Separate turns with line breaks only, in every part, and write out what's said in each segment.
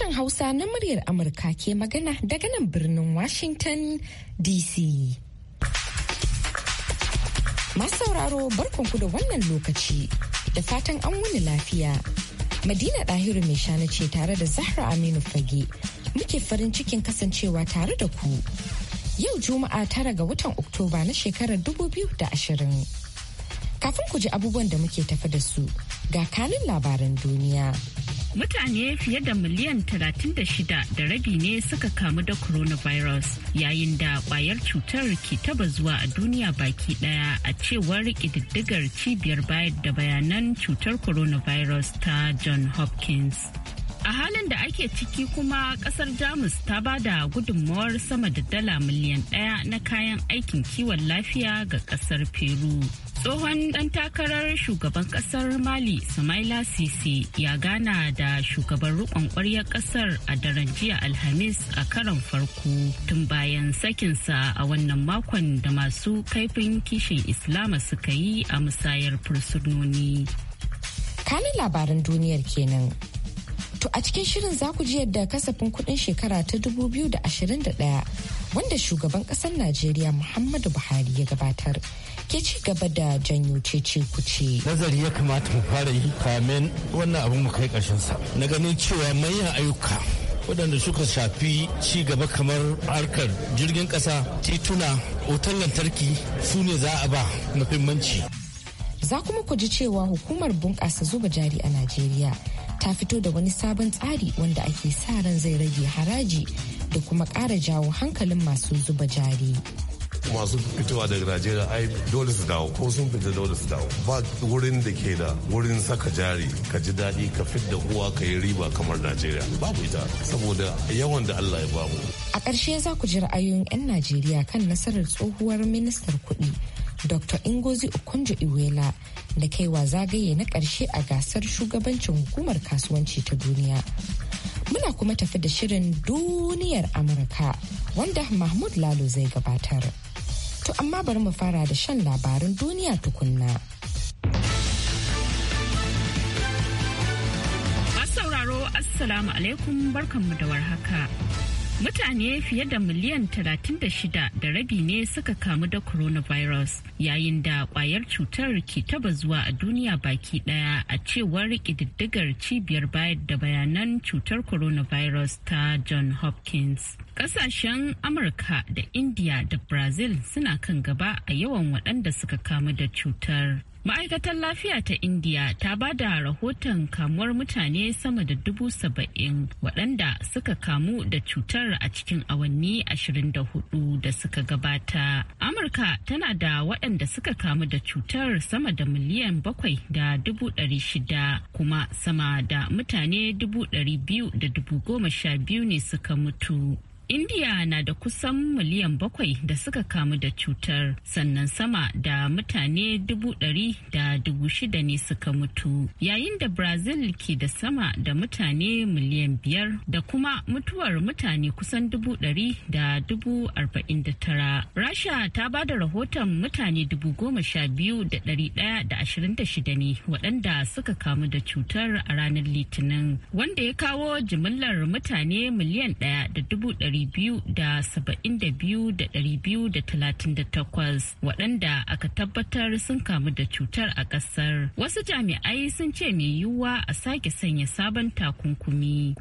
sashen Hausa na muryar Amurka ke magana daga nan birnin Washington DC. Masu sauraro barkanku da wannan lokaci da fatan an wuni lafiya. Madina Ɗahiru mai shana ce tare da Zahra Aminu Fage muke farin cikin kasancewa tare da ku. Yau Juma'a tara ga watan Oktoba na shekarar 2020. Kafin ku ji abubuwan da muke tafi da su ga kanin labaran duniya.
Mutane fiye da miliyan 36 da rabi ne suka kamu da coronavirus yayin da kwayar cutar ke taba zuwa a duniya baki daya a cewar ƙididdigar cibiyar bayar da bayanan cutar coronavirus ta John Hopkins. a halin da ake ciki kuma kasar jamus ta ba da gudunmawar sama da dala miliyan daya na kayan aikin kiwon lafiya ga kasar peru tsohon ɗan takarar shugaban kasar mali samaila sisi ya gana da shugaban rukon ƙwaryar kasar a daren jiya alhamis a karon farko tun bayan sakinsa a wannan makon da masu kaifin kishin islama suka yi a musayar fursunoni
kanin labaran duniyar kenan to a cikin shirin za ku ji yadda kasafin kudin shekara ta 2021 wanda shugaban kasar najeriya muhammadu buhari ya gabatar ke ci gaba da janyo cece ce.
Nazari ya kamata mu fara yi kamin wannan abu mu kai ƙarshen sa. Na ganin cewa manyan ayyuka waɗanda suka shafi ci gaba kamar harkar jirgin ƙasa tituna otal lantarki su ne za a ba muhimmanci.
Za kuma ku ji cewa hukumar bunƙasa zuba jari a Najeriya ta fito da wani sabon tsari wanda ake sa ran zai rage haraji da kuma ƙara jawo hankalin masu zuba jari.
masu fitowa daga najeriya ai dole su dawo ko sun fita dole su dawo ba wurin da ke da wurin saka jari ka ji daɗi ka fidda uwa ka yi riba kamar najeriya babu ita saboda yawan da allah ya bamu
a ƙarshe za ku ji ra'ayoyin 'yan najeriya kan nasarar tsohuwar ministar kuɗi dr ingozi okonjo iwela da kaiwa zagaye na ƙarshe a gasar shugabancin hukumar kasuwanci ta duniya muna kuma tafi da shirin duniyar amurka wanda mahmud lalo zai gabatar. To amma bari mu fara da shan labarin duniya tukunna.
Masu sauraro Assalamu alaikum barkanmu da warhaka. Mutane fiye da miliyan 36 da rabi ne suka kamu da coronavirus yayin da kwayar cutar ke taba zuwa a duniya baki daya a cewar ƙididdigar cibiyar bayar da bayanan cutar coronavirus ta John Hopkins. Kasashen Amurka da India da Brazil suna kan gaba a yawan waɗanda suka kamu da cutar. Ma'aikatar lafiya ta india ta ba da rahoton kamuwar mutane sama da dubu saba'in waɗanda suka kamu da cutar a cikin awanni 24 da suka gabata. Amurka tana da waɗanda suka kamu da cutar sama da miliyan bakwai da dubu ɗari shida kuma sama da mutane dubu ɗari biyu da dubu goma sha biyu ne suka mutu. India na da kusan miliyan bakwai da suka kamu da cutar sannan sama da mutane dubu ɗari da dubu shida ne suka mutu yayin da Brazil ke da sama da mutane miliyan biyar da kuma mutuwar mutane kusan dubu ɗari da dubu arba'in da tara. Rasha ta ba da rahoton mutane dubu goma sha biyu da ɗari ɗaya da ashirin da shida ne waɗanda suka kamu da cutar a ranar Litinin wanda ya kawo jimillar mutane miliyan ɗaya da dubu ɗari 272,238 waɗanda aka tabbatar sun kamu da cutar a ƙasar. Wasu jami'ai sun ce mai yiwuwa a sake sanya sabon takunkumi.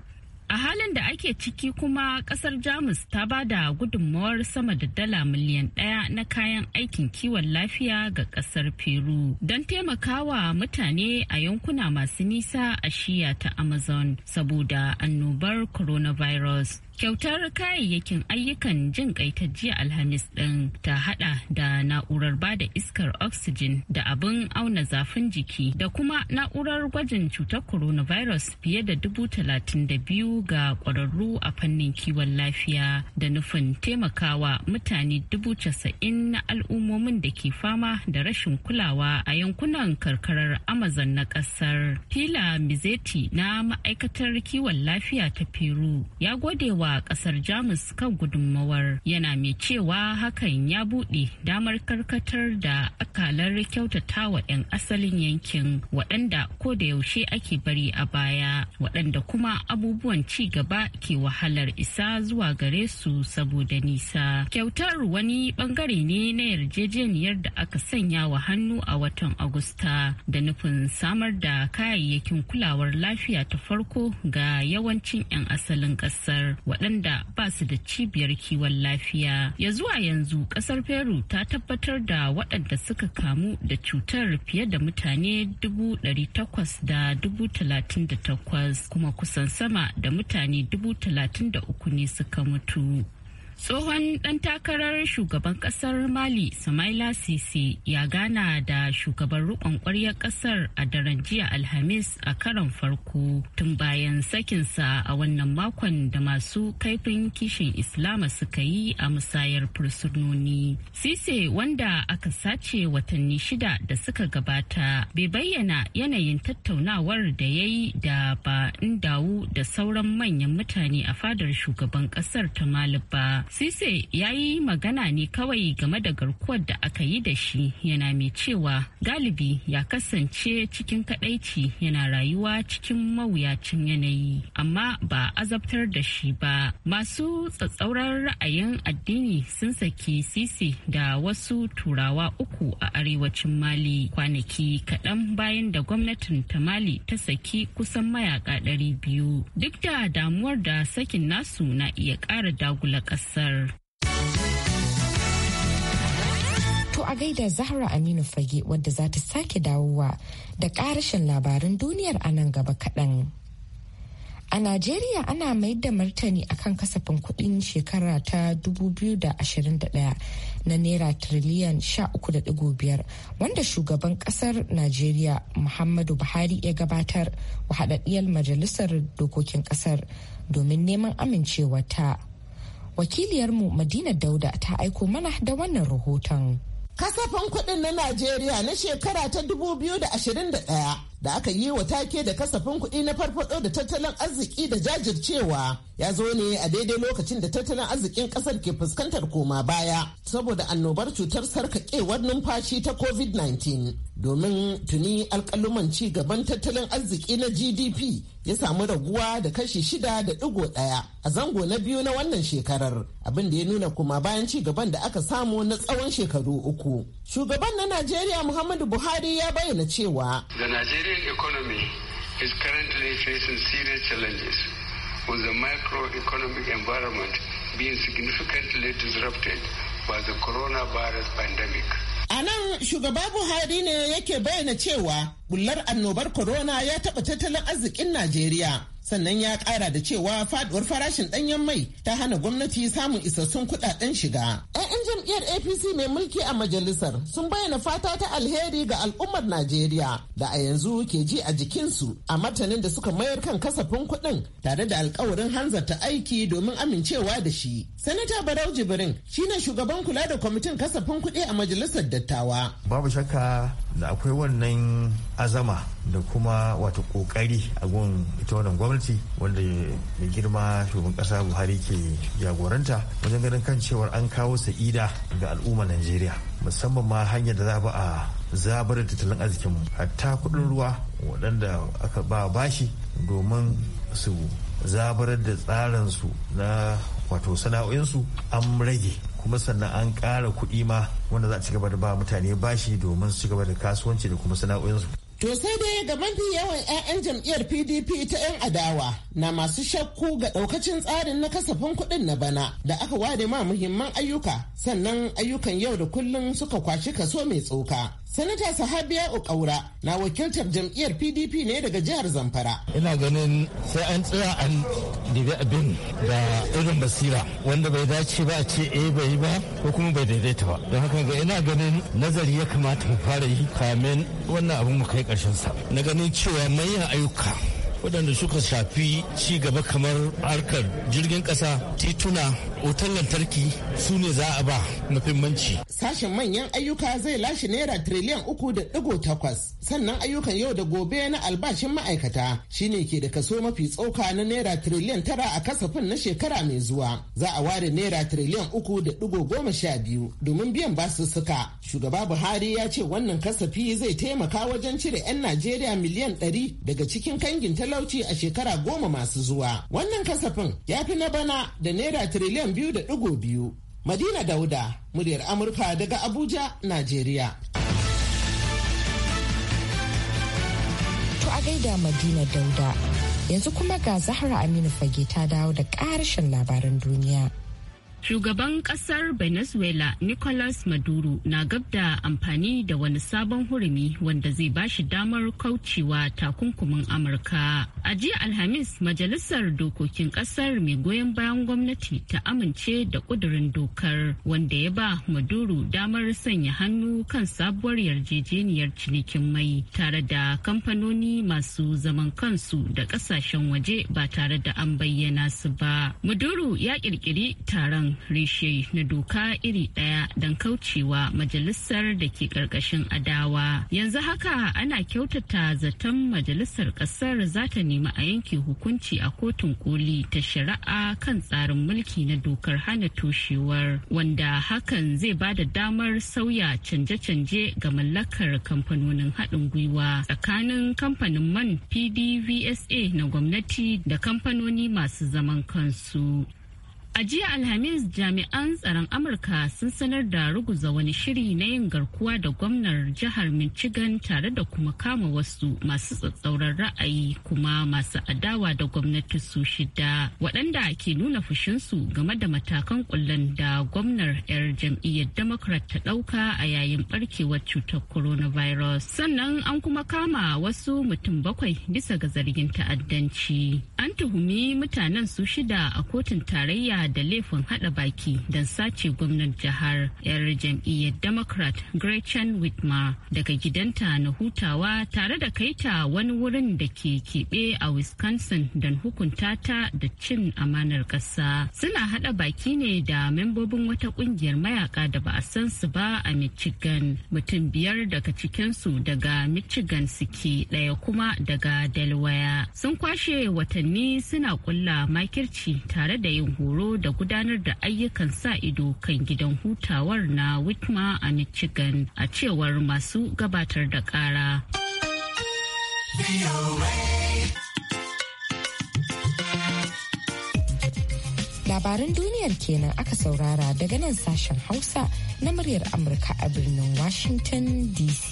A halin da ake ciki kuma ƙasar Jamus ta ba da gudunmawar sama da dala miliyan ɗaya na kayan aikin kiwon lafiya ga ƙasar Peru don taimakawa mutane a yankuna masu nisa a shiya ta Amazon saboda annobar coronavirus. kyautar kayayyakin ayyukan jin kaitaji jiya alhamis ɗin ta hada da na'urar ba da iskar oxygen da abin auna zafin jiki da kuma na'urar gwajin cutar coronavirus fiye da dubu talatin da biyu ga kwararru a fannin kiwon lafiya da nufin taimakawa mutane dubu casa'in na al'ummomin da ke fama da rashin kulawa a yankunan karkarar amazon na kasar Fila mizeti na ma'aikatar kiwon lafiya ta peru ya gode wa wa kasar jamus kan gudunmawar yana mai cewa hakan ya buɗe damar karkatar da akalar kyautatawa 'yan asalin yankin waɗanda ko da yaushe ake bari a baya waɗanda kuma abubuwan ci gaba ke wahalar isa zuwa gare su saboda nisa kyautar wani bangare ne na yarjejeniyar da aka sanya wa hannu a watan agusta da nufin samar da kayayyakin kulawar lafiya ta farko ga yawancin 'yan asalin ƙasar. waɗanda ba su da cibiyar kiwon lafiya ya zuwa yanzu ƙasar peru ta tabbatar da waɗanda suka kamu da cutar fiye da mutane da takwas kuma kusan sama da mutane da uku ne suka mutu tsohon ɗan takarar shugaban ƙasar mali samaila sise ya gana da shugaban rukon ƙwaryar ƙasar a daren jiya alhamis a karon farko tun bayan sakinsa a wannan makon da masu kaifin kishin islama suka yi a musayar fursunoni sise wanda aka sace watanni shida da suka gabata bai bayyana yanayin tattaunawar da ya yi da ba in dawo da sauran manyan mutane a fadar shugaban ƙasar ta mali ba Sise ya yi magana ne kawai game da garkuwar da aka yi da shi yana mai cewa galibi ya kasance cikin kadaici yana rayuwa cikin mawuyacin yanayi amma ba azabtar da shi ba. Masu tsatsauran ra'ayin addini sun saki Sise da wasu turawa uku a arewacin Mali kwanaki kaɗan bayan da gwamnatin ta Mali ta saki kusan mayaka biyu. duk da damuwar da sakin nasu na iya ƙara dagula ƙasa. kasar.
To a gaida Zahra Aminu Fage wadda za ta sake dawowa da ƙarashin labarin duniyar a nan gaba kaɗan. A Najeriya ana mai da martani akan kasafin kuɗin shekara ta 2021 na Naira tiriliyan 13.5 wanda shugaban ƙasar Najeriya Muhammadu Buhari ya gabatar wa haɗaɗɗiyar majalisar dokokin ƙasar domin neman amincewa ta. Wakiliyar mu madina dauda ta
aiko mana da wannan rahoton kasafin kuɗin na najeriya na shekara ta 2021 da aka yi wa take da kasafin kuɗi na farfaɗo da tattalin arziki da jajircewa ya zo ne a daidai lokacin da tattalin arzikin ƙasar ke fuskantar koma baya saboda annobar cutar sarkakewar numfashi ta covid-19 domin tuni alƙaluman ci gaban tattalin arziki na gdp ya samu raguwa da kashi shida da ɗigo ɗaya a zango na biyu na wannan shekarar abin da ya nuna koma bayan ci gaban da aka samu na tsawon shekaru uku Shugaban na Najeriya Muhammadu Buhari ya bayyana cewa.
The Nigerian economy is currently facing serious challenges with the microeconomic environment being significantly disrupted by the coronavirus pandemic.
A nan shugaba Buhari ne yake bayyana cewa bullar annobar corona ya taɓa tattalin arzikin Najeriya sannan ya kara da cewa faduwar farashin danyen mai ta hana gwamnati samun isassun kudaden shiga. 'Ya'yan jam'iyyar APC mai mulki a majalisar sun bayyana fata ta alheri ga al'ummar Najeriya da a yanzu ke ji a jikinsu a martanin da suka mayar kan kasafin kuɗin tare da alkawarin hanzarta aiki domin amincewa da shi. Sanata Barau Jibrin shine shugaban kula da kwamitin kasafin kuɗi a majalisar dattawa. Babu shakka da akwai wannan azama da kuma wata kokari a gun ita wannan gwamnati wanda mai girma shugaban kasa buhari ke jagoranta wajen ganin kan cewar an kawo sa'ida ga al'ummar najeriya musamman ma hanyar da za a zabar tattalin arzikinmu hatta kudin ruwa waɗanda aka ba bashi domin su zabar da tsarinsu na wato sana'o'insu an rage kuma sannan an ƙara kuɗi ma wanda za a ci gaba da ba mutane bashi domin su gaba da kasuwanci da kuma sana'o'insu. To sai dai ga mafi yawan 'ya'yan jam'iyyar PDP ta 'yan adawa na masu shakku ga ɗaukacin tsarin na kasafin kuɗin na bana da aka ware ma muhimman ayyuka sannan ayyukan yau da kullum suka kwashi kaso mai tsoka. Sanata Sahabiya Ukaura na wakiltar jam'iyyar PDP ne daga jihar Zamfara. Ina ganin sai an tsaya an dibi abin da irin basira wanda bai dace ba a ce eh bai ba ko kuma bai daidaita ba. Don haka ga ina ganin nazari ya kamata mu fara yi kamin wannan abin mu kai karshen sa. Na ganin cewa manyan ayyuka waɗanda suka shafi ci gaba
kamar harkar jirgin ƙasa tituna Otan lantarki su ne za a ba muhimmanci.
Sashen manyan ayyuka zai lashe naira triliyan uku da ɗigo takwas. Sannan ayyukan yau da gobe na albashin ma'aikata shine ke da kaso mafi tsoka na naira triliyan tara a kasafin na shekara mai zuwa. Za a ware naira triliyan uku da ɗigo goma sha biyu domin biyan basussuka. Shugaba Buhari ya ce wannan kasafi zai taimaka wajen cire 'yan Najeriya miliyan ɗari daga cikin kangin talauci a shekara goma masu zuwa. Wannan kasafin ya fi na bana da naira triliyan biyu, Madina Dauda, muryar Amurka daga Abuja, Najeriya. To a gaida Madina Dauda, yanzu kuma ga Zahra
Aminu Fage ta dawo da ƙarshen labaran duniya.
Shugaban ƙasar Venezuela Nicolas Maduro na gab da amfani da wani sabon hurumi wanda zai ba shi damar kaucewa takunkumin Amurka. A jiya Alhamis, Majalisar Dokokin ƙasar mai goyon bayan gwamnati ta amince da ƙudurin dokar wanda ya ba Maduro damar sanya hannu kan sabuwar yarjejeniyar cinikin mai tare da kamfanoni masu zaman kansu da ƙasashen waje ba tare da an bayyana su ba. Maduro ya ƙirƙiri taron Rishai reshe na doka iri ɗaya don kaucewa majalisar da ke ƙarƙashin adawa. Yanzu haka ana kyautata zaton majalisar ƙasar za ta nemi a yanke hukunci a kotun koli ta shari'a kan tsarin mulki na dokar hana toshewar wanda hakan zai ba da damar sauya canje-canje ga mallakar kamfanonin haɗin gwiwa tsakanin kamfanin man PDVSA na gwamnati da kamfanoni masu zaman kansu. A jiya Alhamis jami'an tsaron Amurka sun sanar da ruguza wani shiri na yin garkuwa da gwamnar jihar Michigan tare da kuma kama wasu masu tsatsauran ra'ayi kuma masu adawa da gwamnati su shida waɗanda ke nuna fushinsu game da matakan kullen da gwamnar 'yar jam'iyyar Democrat ta ɗauka a yayin barkewar cutar coronavirus. Sannan an kuma kama wasu mutum bakwai bisa ga zargin ta'addanci. An tuhumi mutanen su shida a kotun tarayya da laifin hada baki don sace gwamnan jihar yar jam'iyyar democrat gretchen whitmer daga gidanta na hutawa tare da kaita wani wurin da ke keɓe a wisconsin don hukunta ta da cin amanar ƙasa suna hada baki ne da membobin wata ƙungiyar mayaka da ba a san su ba a michigan mutum biyar daga cikinsu daga michigan suke ɗaya kuma daga delaware sun kwashe watanni suna kulla makirci tare da yin horo da gudanar da ayyukan sa ido kan gidan hutawar na Whitma a Michigan a cewar masu gabatar da kara.
Labaran duniyar kenan aka saurara daga nan sashen Hausa na muryar Amurka a birnin Washington DC.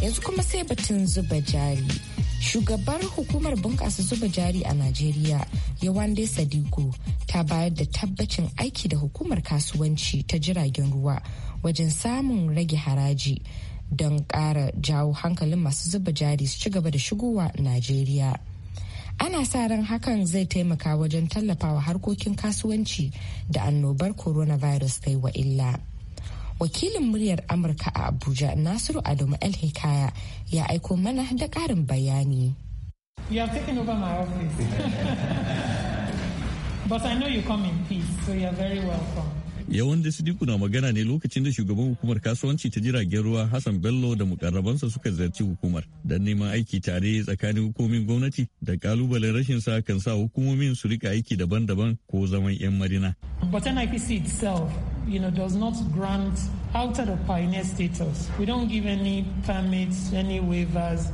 Yanzu kuma sai batun zuba jari. shugabar hukumar bunƙasa zuba jari a najeriya yawande sadiku ta bayar da tabbacin aiki da hukumar kasuwanci ta jiragen ruwa wajen samun rage haraji don ƙara jawo hankalin masu zuba jari su ci gaba da shigowa najeriya ana sa ran hakan zai taimaka wajen tallafawa harkokin kasuwanci da annobar coronavirus ta yi wa illa. wakilin muryar amurka a abuja nasiru adamu el hikaya ya aiko mana da ƙarin bayani
But I know you come in peace, so you are very welcome.
yawan su sidiku na magana ne lokacin da shugaban hukumar kasuwanci ta jiragen ruwa hassan bello da mukarrabansa suka ziyarci hukumar don neman aiki tare tsakanin hukumomin gwamnati da kalubalen rashin sa kan sa hukumomin su rika aiki daban-daban ko zaman yan marina
but nipc itself you know, does not grant out of pioneer status we don't give any permits any waivers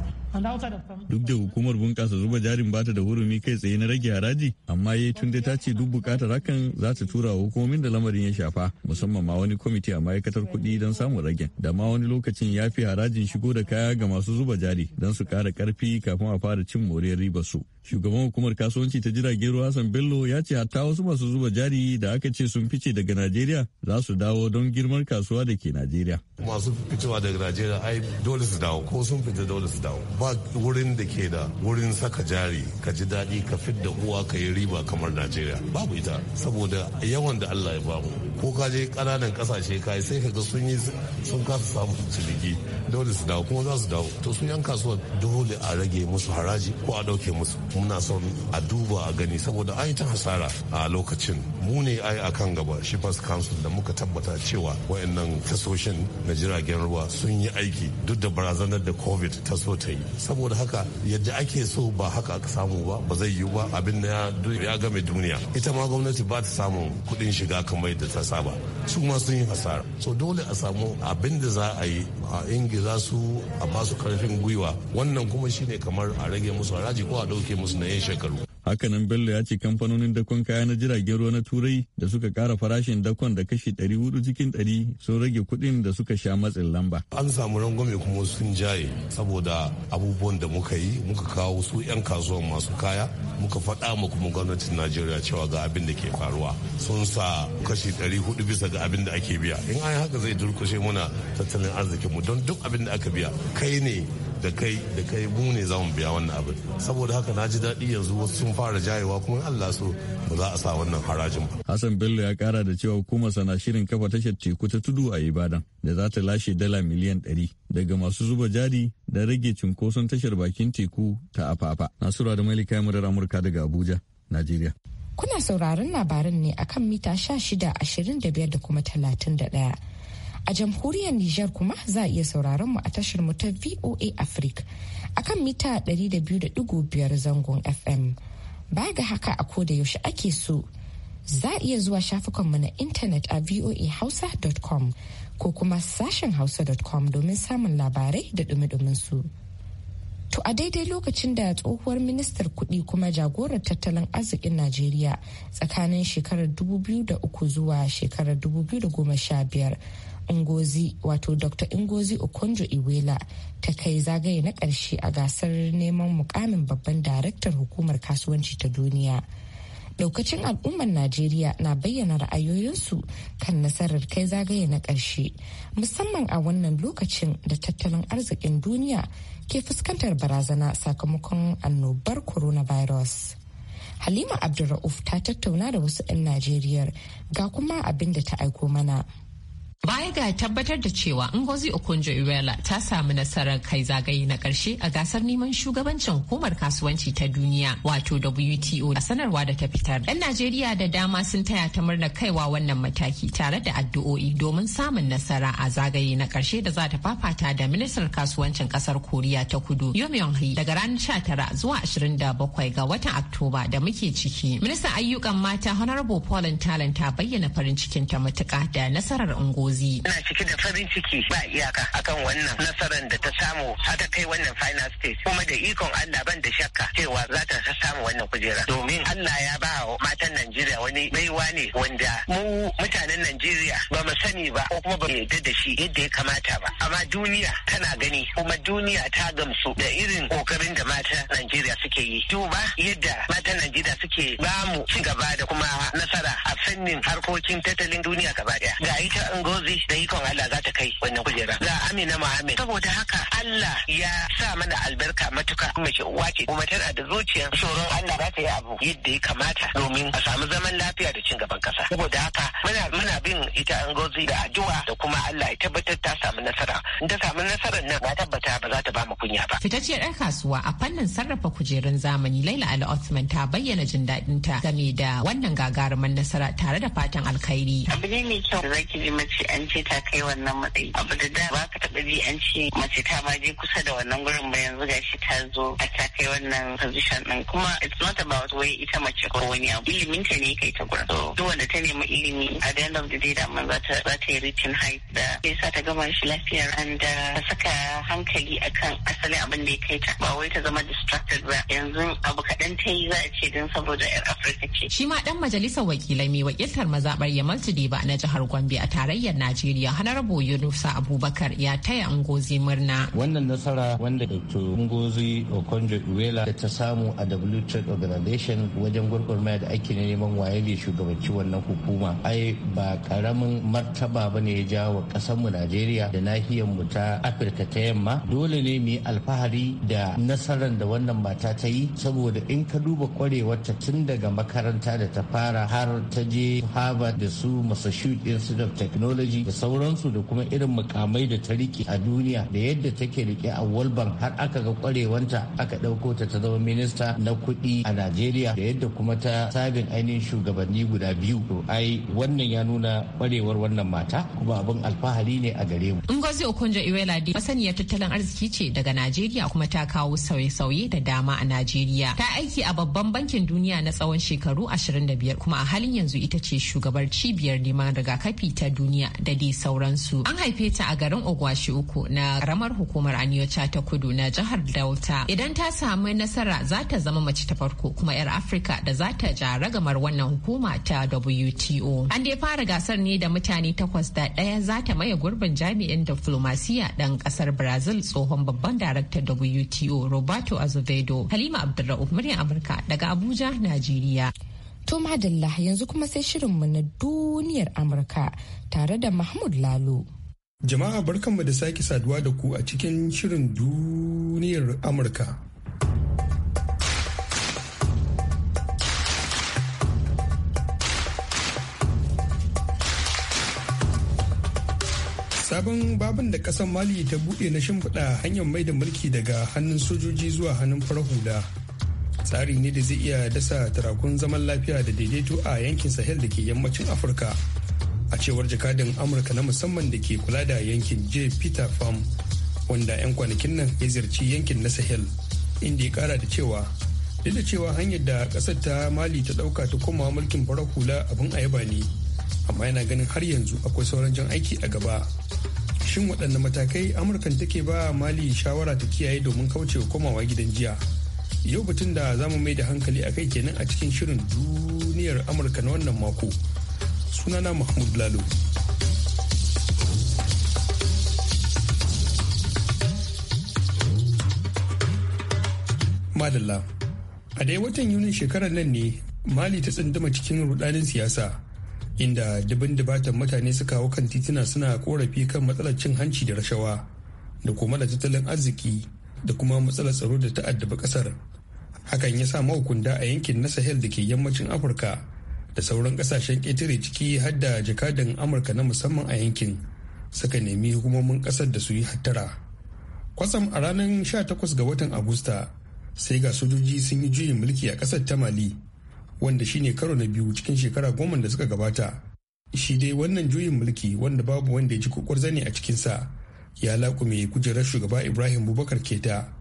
Duk da hukumar bunƙasa zuba jarin bata da hurumi kai tsaye na rage haraji, amma yayi eh, tun da ta ce duk bukatar hakan za ta tura wa hukumomin da lamarin ya shafa, musamman ma wani kwamiti a ma'aikatar kuɗi don samun ragen. Da ma wani lokacin ya fi harajin shigo da kaya ga masu zuba jari don su ƙara ƙarfi kafin a fara cin moriyar ribar su. Shugaban hukumar kasuwanci ta jiragen ruwa Hassan Bello ya ce hatta wasu masu zuba jari da aka ce sun fice daga Najeriya za su dawo don girmar kasuwa da ke Najeriya.
Masu ficewa daga Najeriya ai dole su dawo ko sun fita dole su dawo. ba wurin da ke da wurin saka jari ka ji daɗi ka da uwa ka yi riba kamar najeriya babu ita saboda yawan da allah ya bamu ko ka je ƙananan ƙasashe ka sai ka ga sun yi sun kasa samun ciniki dole su dawo kuma za su dawo to su yan kasuwa dole a rage musu haraji ko a ɗauke musu muna son a duba a gani saboda an yi ta hasara a lokacin mu ne ai a kan gaba shifas council da muka tabbata cewa wa'annan tasoshin na jiragen ruwa sun yi aiki duk da barazanar da covid ta so ta yi saboda haka yadda ake so ba haka aka samu ba ba zai yiwu ba abin da ya game duniya ita ma gwamnati ba ta samun kuɗin shiga kamar da ta saba su ma sun yi hasara so dole a samu abin da za a yi a ingiza su a basu karfin gwiwa wannan kuma shine kamar a rage musu haraji ko a ɗauke musu na yin shekaru
Hakanan Bello ya ce kamfanonin dakon kaya na jiragen ruwa na Turai da suka kara farashin dakon da kashi 400 cikin 100 sun rage kuɗin da suka sha matsin lamba. An samu rangwame kuma
sun jaye saboda abubuwan da muka yi muka kawo su 'yan kasuwan masu kaya muka faɗa ma kuma gwamnatin Najeriya cewa ga abin da ke faruwa sun sa kashi 400 bisa ga abin da ake biya. In an haka zai durkushe muna tattalin arzikinmu don duk abin da aka biya kai ne da kai da kai mu ne za mu biya wannan abin saboda haka na ji daɗi yanzu wasu sun fara jayewa kuma Allah so ba za a sa wannan harajin ba.
Hassan Bello ya kara da cewa hukumar sana shirin kafa tashar teku ta tudu a Ibadan da za ta lashe dala miliyan 100 daga masu zuba jari da rage cunkoson tashar bakin teku ta afafa. Nasura da Malika murar Amurka daga Abuja, Najeriya.
Kuna sauraron labarin ne akan mita shida ashirin da kuma talatin 31. a jamhuriyar Nijar kuma za a iya sauraron mu a tashar mu ta VOA Africa akan mita 200.5 zangon FM. Ba ga haka a koda yaushe ake so. Za a iya zuwa shafukanmu na intanet a voahausa.com ko kuma sashen hausa.com domin samun labarai da dumi su. To a daidai lokacin da tsohuwar ministar kuɗi kuma jagorar tattalin arzikin Najeriya tsakanin shekarar 2003 zuwa shekarar 2015 Ngozi wato Dr. Ingozi Okonjo iwela ta kai zagaye na ƙarshe a gasar neman mukamin babban daraktar hukumar kasuwanci ta duniya. Daukacin al'ummar Najeriya na bayyana ra'ayoyinsu kan nasarar kai zagaye na ƙarshe musamman a wannan lokacin da tattalin arzikin duniya ke fuskantar barazana sakamakon annobar coronavirus. Halima Abdulra'uf ta tattauna da wasu 'yan Najeriyar ga kuma abin da ta aiko mana.
Baya ga tabbatar da cewa Ngozi Okonjo-Iweala ta samu nasarar kai zagaye na karshe a gasar neman shugabancin hukumar kasuwanci ta duniya wato WTO a sanarwa da ta fitar. 'Yan Najeriya da dama sun taya ta murna kaiwa wannan mataki tare da addu'o'i domin samun nasara a zagaye na karshe da za ta fafata da ministar kasuwancin ƙasar Koriya ta Kudu Yom daga ranar tara zuwa da bakwai ga watan Oktoba da muke ciki. Ministan ayyukan mata Honorable Paulin Talent ta bayyana farin cikin ta matuka da nasarar Ungo ozi Ina cike da
farin ciki ba iyaka akan wannan nasarar da ta samu har ta kai wannan final stage kuma da ikon Allah ban da shakka cewa za ta samu wannan kujera domin Allah ya ba matan Najeriya wani baiwa ne wanda
mu mutanen
Najeriya ba mu sani ba ko kuma ba mu yarda da shi yadda ya kamata ba amma duniya tana gani kuma duniya ta gamsu da irin kokarin da matan Najeriya suke yi duba yadda matan Najeriya suke ba mu ci gaba da kuma nasara a fannin harkokin tattalin duniya gaba daya ga ita Zozi da ikon Allah za ta kai wannan kujera. Za Amina Muhammad. Saboda haka Allah ya sa mana albarka matuka mace uwa ce kuma tana da zuciya tsoron Allah za ta yi abu yadda ya kamata domin a samu zaman lafiya da cin gaban kasa. Saboda haka muna muna bin ita Ngozi
da addu'a da kuma Allah ya tabbatar ta samu nasara. In ta samu nasarar nan na tabbata ba za ta ba mu kunya ba. Fitacciyar ɗan kasuwa a fannin sarrafa kujerun zamani Laila Ali osman ta bayyana jin daɗinta game da wannan gagarumar nasara tare da fatan alkhairi.
Abu ne mai kyau da zaki ji mace an ce ta kai wannan matsayi abu da da ba ka taɓa ji an ce mace ta ma je kusa da wannan gurin ba yanzu ga shi ta zo a ta kai wannan position din kuma it's not about wai ita mace ko wani abu ilimin ta ne kai ta gurin so duk wanda ta nemi ilimi a the end of the day da man za ta za ta yi ritin height da zai sa ta
gama shi lafiya da uh, ta saka hankali akan asalin abin da ya kai ta ba wai ta zama distracted ba yanzu abu kaɗan ta yi za a ce don saboda yar afirka ce shi ma ɗan majalisar wakilai mai wakiltar mazaɓar yamal ba na jihar gombe a tarayyar tarayyar Najeriya Hanarabo Yunusa Abubakar ya taya Ngozi murna.
Wannan nasara wanda Dr. Ngozi Okonjo Iweala da ta samu a W Trade Organization wajen gwargwarmaya da ake neman waye ne shugabanci wannan hukuma. Ai ba karamin martaba ba ne ya jawo kasar mu Najeriya da nahiyar mu ta Afirka ta yamma. Dole ne mu yi alfahari da nasarar da wannan mata ta yi saboda in ka duba ta tun daga makaranta da ta fara har ta je Harvard da su Massachusetts Institute of Technology sojoji da sauransu da kuma irin mukamai da ta rike a duniya da yadda take rike a walban har aka ga kwarewanta aka ɗauko ta ta zama minista na kuɗi a najeriya da yadda kuma ta sabin ainihin shugabanni guda biyu to ai wannan ya nuna kwarewar wannan mata kuma abin alfahari ne a gare mu
ngozi okonjo iweladi masaniyar tattalin arziki ce daga najeriya kuma ta kawo sauye-sauye da dama a najeriya ta aiki a babban bankin duniya na tsawon shekaru 25 kuma a halin yanzu ita ce shugabar cibiyar neman rigakafi ta duniya da dai sauransu. An haife ta a garin Ogwashi uku na karamar hukumar Aniyocha ta kudu na jihar Delta. Idan ta samu nasara za ta zama mace ta farko kuma 'yar Afrika da za ta ja ragamar wannan hukuma ta WTO. An dai fara gasar ne da mutane takwas da ɗaya za ta maye gurbin jami'in diflomasiya ɗan ƙasar Brazil tsohon babban daraktan WTO Roberto Azevedo. Halima Abdulra'uf muryar Amurka daga Abuja, Najeriya. To madalla yanzu
kuma sai shirinmu na duniyar Amurka tare da Mahmud Lalo.
Jama'a barkanmu da sake saduwa da ku a cikin shirin duniyar Amurka. sabon babin da kasan mali ta buɗe na shimfiɗa hanyar mai da mulki daga hannun sojoji zuwa hannun farahuda. hula tsari ne da zai iya dasa tarakun zaman lafiya da daidaito a yankin sahel da ke yammacin afirka a cewar jakadin amurka na musamman da ke kula da yankin j peter farm wanda 'yan kwanakin nan ya ziyarci yankin na sahel inda ya kara da cewa duk da cewa hanyar da kasar ta mali ta dauka ta koma mulkin farar hula abin ayaba ne amma yana ganin har yanzu akwai sauran jan aiki a gaba shin waɗanne matakai amurkan take ba mali shawara ta kiyaye domin kaucewa komawa gidan jiya yau batun da za mu mai da hankali a kai kenan a cikin shirin duniyar amurka na wannan mako sunana mahmud lalo madalla a dai watan yunin shekarar nan ne mali ta tsandama cikin rudanin siyasa inda dubin dubatan mutane suka hau kan tituna suna korafi kan matsalar cin hanci da rashawa da kuma da tattalin arziki da kuma matsalar tsaro da ta'addaba kasar hakan ya sa mahukunta a yankin na sahel da ke yammacin afirka da sauran kasashen ƙetare ciki har da jakadan amurka na musamman a yankin suka nemi hukumomin ƙasar da su yi hattara kwatsam a ranar 18 ga watan agusta sai ga sojoji sun yi juyin mulki a ƙasar ta mali wanda shine karo na biyu cikin shekara goma da suka gabata shi dai wannan juyin mulki wanda babu wanda ya ji kukwar zane a cikinsa ya laƙume kujerar shugaba ibrahim bubakar keta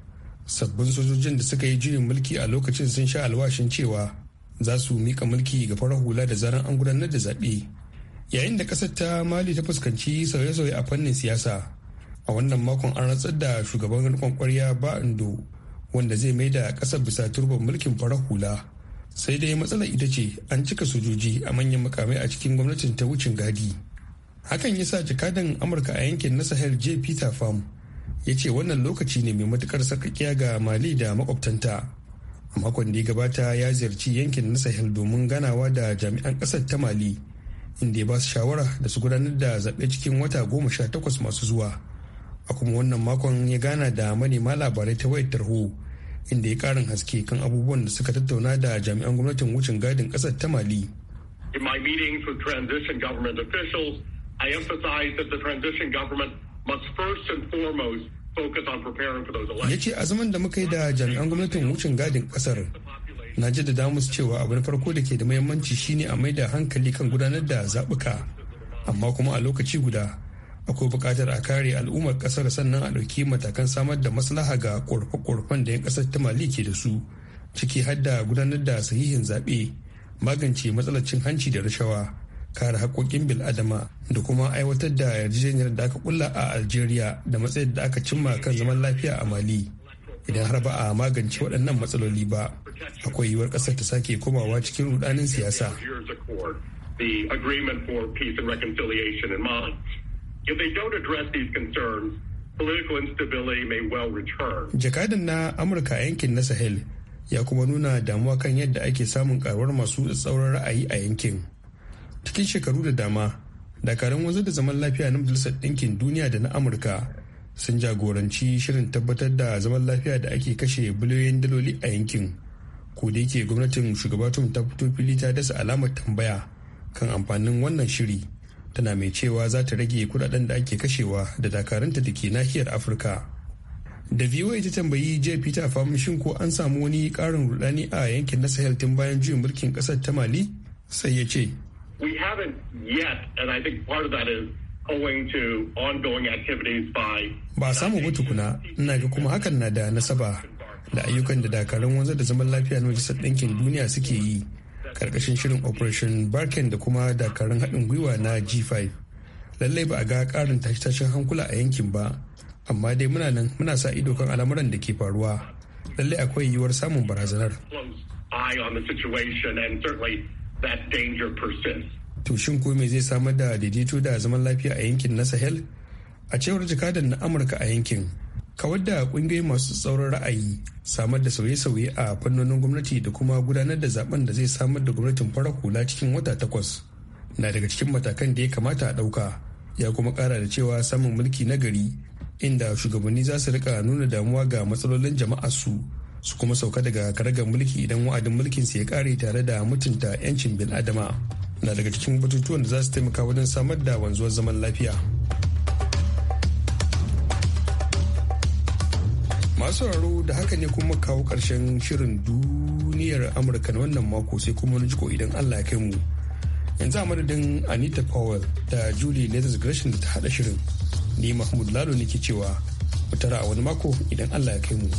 sabbin sojojin da suka yi juyin mulki a lokacin sun sha alwashin cewa za su mika mulki ga farar hula da zaran an gudanar da zaɓe yayin da ƙasar ta mali ta fuskanci sauye-sauye a fannin siyasa a wannan makon an rantsar da shugaban rikon kwarya ba'ando wanda zai mai da ƙasar bisa turban mulkin farar hula sai dai matsalar ita ce an cika sojoji a manyan mukamai a cikin gwamnatin ta wucin gadi hakan ya sa jakadan amurka a yankin na sahel j peter farm ya ce wannan lokaci ne mai matukar sarkakiya ga mali da makwabtanta a makon da ya gabata ya ziyarci yankin na sahel domin ganawa da jami'an kasar ta mali inda ya ba su shawara da su gudanar da zaɓe cikin wata goma sha takwas masu zuwa a kuma wannan makon ya gana da manema labarai ta wayar tarho inda ya karin haske kan abubuwan da suka tattauna da jami'an gwamnatin wucin gadin kasar ta mali In my meetings with transition government officials, I emphasized
that the transition government must first and foremost
ya ce a zaman da muka yi da jami'an gwamnatin wucin gadin kasar na ji da damus cewa abu na farko da ke da muhimmanci shine a mai da hankali kan gudanar da zaɓuka amma kuma a lokaci guda akwai buƙatar a kare al'ummar ƙasar sannan a ɗauki matakan samar da maslaha ga ƙorfe-ƙorfen da 'yan ƙasar ta mali ke da su ciki hadda gudanar da sahihin zaɓe magance matsalar cin hanci da rashawa kare haƙoƙin bil'adama da kuma aiwatar da yarjejeniyar da aka kulla a algeria da matsayin da aka cimma kan zaman lafiya a mali idan har ba a magance waɗannan matsaloli ba akwai yiwuwar ƙasar ta sake komawa cikin rudanin siyasa jakadan na amurka a yankin na sahel ya kuma nuna damuwa kan yadda ake samun karuwar masu tsauran ra'ayi a yankin cikin shekaru da dama dakarun wanzar da zaman lafiya na majalisar ɗinkin duniya da na amurka sun jagoranci shirin tabbatar da zaman lafiya da ake kashe biliyoyin daloli a yankin ko da yake gwamnatin shugaba tom ta fito fili ta dasa alamar tambaya kan amfanin wannan shiri tana mai cewa za ta rage kudaden da ake kashewa da dakarunta da ke nahiyar afirka da voa ta tambayi jiya peter shin ko an samu wani karin rudani a yankin na sahel tun bayan juyin mulkin kasar ta mali sai ya ce We haven't yet, and I think part of that is owing to ongoing activities by. Ba samu ba tukuna, ina ga kuma hakan na da nasaba da ayyukan da dakarun wanzar da zaman lafiya na Majalisar Ɗinkin Duniya suke yi karkashin shirin Operation Barken da kuma dakarun haɗin gwiwa na G5. Lallai ba a ga ƙarin tashe-tashen hankula a yankin ba, amma dai muna nan muna sa ido kan al'amuran da ke faruwa. Lallai akwai yiwuwar samun barazanar. that danger persists. To shin ko me zai samar da daidaito da zaman lafiya a yankin na Sahel? A cewar jakadan na Amurka a yankin, kawar da kungiyoyi masu tsauran ra'ayi samar da sauye-sauye a fannonin gwamnati da kuma gudanar da zaben da zai samar da gwamnatin fara kula cikin wata takwas na daga cikin matakan da ya kamata a ɗauka ya kuma ƙara da cewa samun mulki nagari inda shugabanni za su rika nuna damuwa ga matsalolin jama'a su su kuma sauka daga karagar mulki idan wa'adin mulkin su ya kare tare da mutunta 'yancin bil'adama na daga cikin batutuwan da za su taimaka wajen samar da wanzuwar zaman lafiya masu sauraro da haka ne kuma kawo karshen shirin duniyar amurka na wannan mako sai kuma wani jiko idan allah ya kai mu yanzu a madadin anita powell da julie latest gresham da ta hada shirin ni mahmud lalo ne ke cewa mu a wani mako idan allah ya kai mu.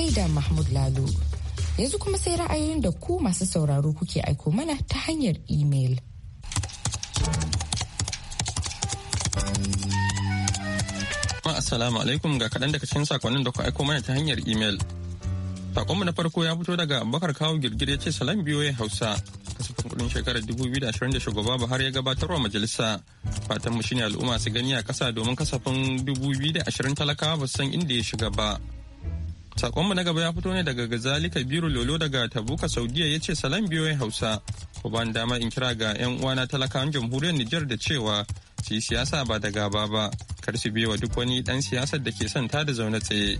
gaida Mahmud lado Yanzu kuma sai ra'ayoyin da ku masu sauraro kuke aiko mana ta hanyar email.
Assalamu alaikum ga kaɗan daga cikin sakonnin da ku aiko mana ta hanyar imel. Sakonmu na farko ya fito daga Abubakar Kawo Girgire ce salam biyo ya Hausa. kasafin kudin shekarar 2020 da shugaba Buhari ya gabatarwa majalisa. Fatan mu shine al'umma su gani a ƙasa domin kasafin 2020 talakawa ba san inda ya shiga ba. Sakonmu na gaba ya fito ne daga Gazali Kabiru Lolo daga Tabuka Saudiya ya ce salam biyoyin Hausa. Ku ban dama in kira ga 'yan uwana talakawan jamhuriyar Nijar da cewa su yi siyasa ba da gaba ba kar su biyewa duk wani dan siyasar da ke son ta da zaune tsaye.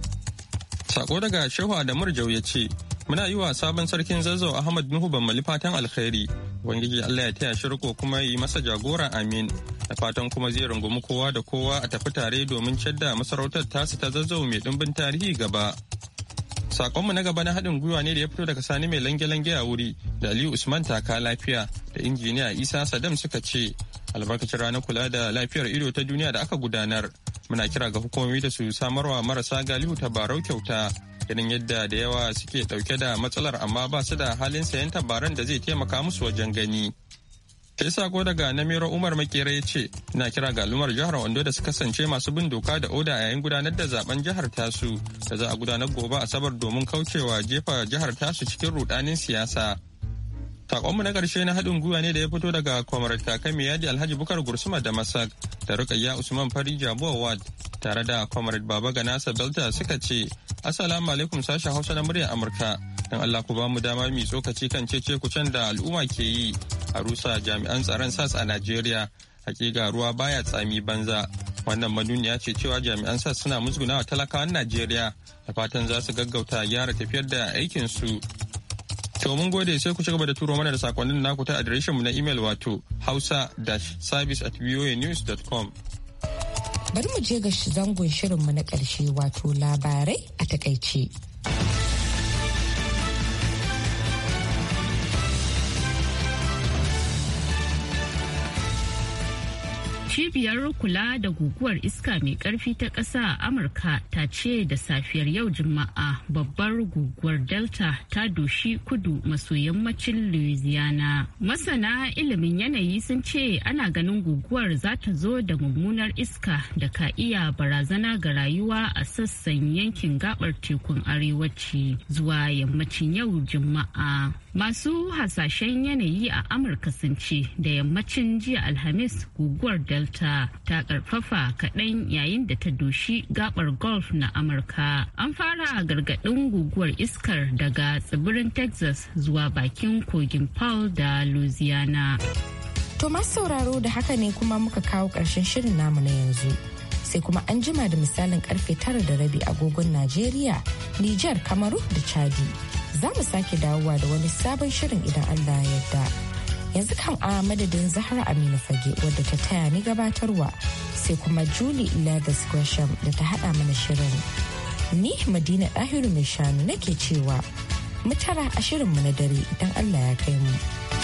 Sako daga Shehu Adamu Jau ya ce muna yi wa sabon sarkin zazzau Ahmad Nuhu Bammali fatan alkhairi. Ubangiji Allah ya taya shirko kuma yi masa jagora amin. Da fatan kuma zai rungumi kowa da kowa a tafi tare domin cedda masarautar tasu ta zazzau mai dimbin tarihi gaba. Sakonmu na gaba na haɗin gwiwa ne da ya fito daga sani mai lange-lange a wuri da Aliyu Usman taka lafiya da injiniya Isa Sadam suka ce albarkacin ranar kula da lafiyar ido ta duniya da aka gudanar. Muna kira ga hukumomi da su samarwa marasa galihu tabarau kyauta ganin yadda da yawa suke ɗauke da matsalar amma ba su da halin sayan tabaran da zai taimaka musu wajen gani. yi sako daga namiro umar makera ya ce na kira ga al'ummar jihar wando da su kasance masu bin doka da oda a yayin gudanar da zaben jihar tasu da za a gudanar gobe a asabar domin kaucewa jefa jihar tasu cikin rudanin siyasa takonmu na ƙarshe na haɗin gwiwa ne da ya fito daga kwamar takami yadi alhaji bukar gursuma da masak da rukayya usman fari jabuwa ward tare da kwamar baba ga nasa belta suka ce assalamu alaikum sashen hausa na muryar amurka don allah ku ba mu dama mai tsokaci kan cece can da al'umma ke yi a rusa jami'an tsaron sas a najeriya hakika ruwa baya tsami banza wannan manuniya ce cewa jami'an sas suna musgunawa talakawan najeriya da fatan za su gaggauta gyara tafiyar da aikin su. To mun gode sai ku ci gaba da turo mana da sakonnin naku ta adireshin mu na imel wato hausa-service at com.
Bari mu je ga zangon shirin mu na ƙarshe wato labarai a takaice.
Cibiyar kula da guguwar iska mai karfi ta ƙasa a Amurka ta ce da safiyar yau Juma'a babbar guguwar Delta ta doshi kudu maso yammacin Louisiana. Masana ilimin yanayi sun ce ana ganin guguwar za ta zo da mummunar iska da ka iya barazana ga rayuwa a sassan yankin gabar tekun arewaci zuwa yammacin yau Juma'a. Masu hasashen yanayi a Amurka sun ce da yammacin jiya Alhamis guguwar Delta ta karfafa kaɗan yayin da ta doshi gabar golf na Amurka. An fara gargaɗin guguwar iskar daga tsibirin Texas zuwa bakin kogin Paul da Louisiana.
To masu sauraro da haka ne kuma muka kawo ƙarshen shirin namu na yanzu. Sai kuma an jima da misalin karfe tara da rabi agogon Najeriya, Nijar, Kamaru da Chadi. za mu sake dawowa da wani sabon shirin idan Allah ya yarda. Yanzu kan a madadin Zahra Aminu Fage wadda ta taya ni gabatarwa sai kuma Julie Leathers Gresham da ta haɗa mana shirin. Ni Madina Ɗahiru mai shanu nake cewa mu tara a mu na dare idan Allah ya kai mu.